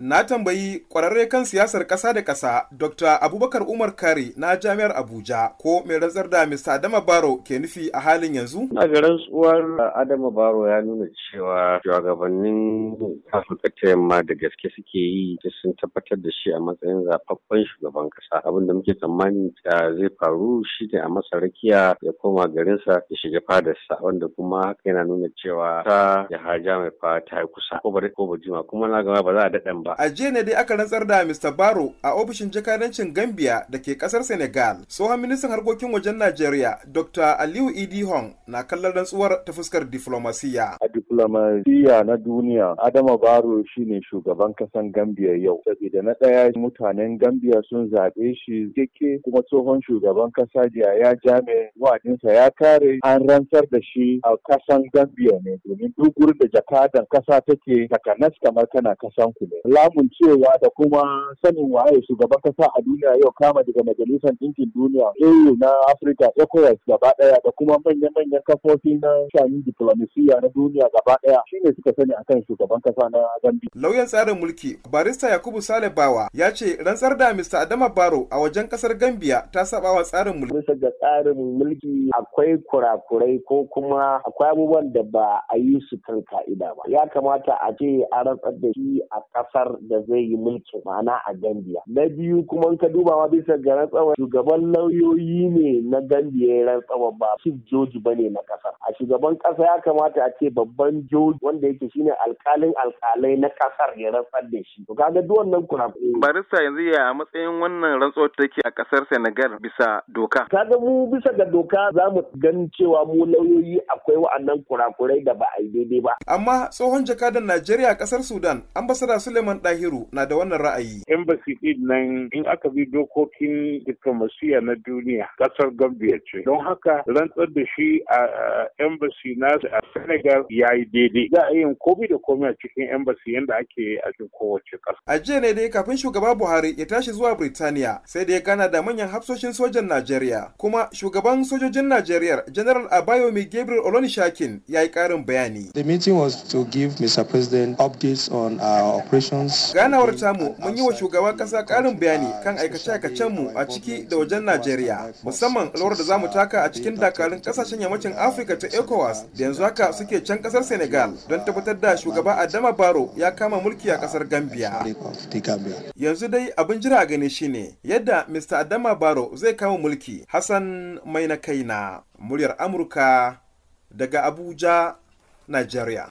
Na tambayi ƙwararre kan siyasar ƙasa da ƙasa Dr. Abubakar Umar Kare na Jami'ar Abuja ko mai rantsar da Mr. Adama Baro ke nufi a halin yanzu? Na ga rantsuwar Adama Baro ya nuna cewa shugabannin Afirka ta yamma da gaske suke yi sun tabbatar da shi a matsayin zafaffen shugaban ƙasa. Abin da muke tsammani zai faru shi ne a masa rakiya ya koma garinsa ya shiga fadarsa wanda kuma haka yana nuna cewa ta ya haja mai fata ya kusa ko ba ko ba jima kuma na gama ba za a daɗa ba. A jiya ne dai aka rantsar da Mr. Baro a ofishin jakadancin Gambia da ke kasar Senegal. Tsohon ministan harkokin wajen Najeriya Dr. Aliyu Idi Hong na kallon rantsuwar ta fuskar diflomasiya. diplomasiya na duniya Adama Baro shine shugaban kasan Gambia yau. Saboda na ɗaya mutanen Gambia sun zaɓe shi keke kuma tsohon shugaban kasa ya jame wa'adinsa ya kare an rantsar da shi a kasan Gambia ne domin duk da jakadan kasa take takanas kamar kana kasan ku ne. Lamun cewa da kuma sanin waye shugaban kasa a duniya yau kama daga majalisar ɗinkin duniya AU na Afirka ECOWAS gaba ɗaya da kuma manya-manyan kafofi na shanin diplomasiya na duniya gaba gaba ɗaya shine suka sani akan shugaban kasa na gambi. Lauyan tsarin mulki barista Yakubu Sale Bawa ya ce rantsar da Mr. Adama Baro a wajen kasar Gambia ta saba wa tsarin mulki. Bisa ga tsarin mulki akwai kurakurai ko kuma akwai abubuwan da ba a yi su kan ka'ida ba. Ya kamata a ce a rantsar da shi a kasar da zai yi mulki ma'ana a gambiya. Na biyu kuma ka duba ma bisa ga rantsar shugaban lauyoyi ne na Gambia ya rantsawar ba shi Joji bane na kasar. A shugaban kasa ya kamata a ce babban joji wanda yake shine alkalin alkalai na kasar ya rantsar da shi to kaga duk wannan kurakuri barista yanzu ya a matsayin wannan rantsuwar take a kasar Senegal bisa doka kaga mu bisa ga doka za mu cewa mu lauyoyi akwai wa'annan kurakurai da ba a yi daidai ba amma tsohon jakadan Najeriya a kasar Sudan ambasada Suleiman Dahiru na da wannan ra'ayi embassy din nan in aka bi dokokin diplomasiya na duniya kasar Gambia ce don haka rantsar da shi a embassy na Senegal ya yi daidai za a yin komai da komai a cikin embassy yadda ake a cikin kowace ƙasa. A jiya ne dai kafin shugaba Buhari ya tashi zuwa Birtaniya sai da ya gana da manyan hafsoshin sojan Najeriya kuma shugaban sojojin Najeriya General Abayomi Gabriel Olonishakin ya yi ƙarin bayani. The meeting was to give Mr. President updates on our operations. Ganawar tamu mun yi wa shugaban ƙasa ƙarin bayani kan aikace-aikacen mu a ciki da wajen Najeriya musamman rawar da za mu taka a cikin dakarun ƙasashen yammacin Afirka ta ECOWAS da yanzu haka suke can ƙasar Senegal don tabbatar da shugaba Adama baro ya kama mulki a kasar Gambia. Yanzu dai abin jira a gani shine yadda Mr. Adama baro zai kama mulki. Hassan Mai na kaina, muryar Amurka daga Abuja, Nigeria.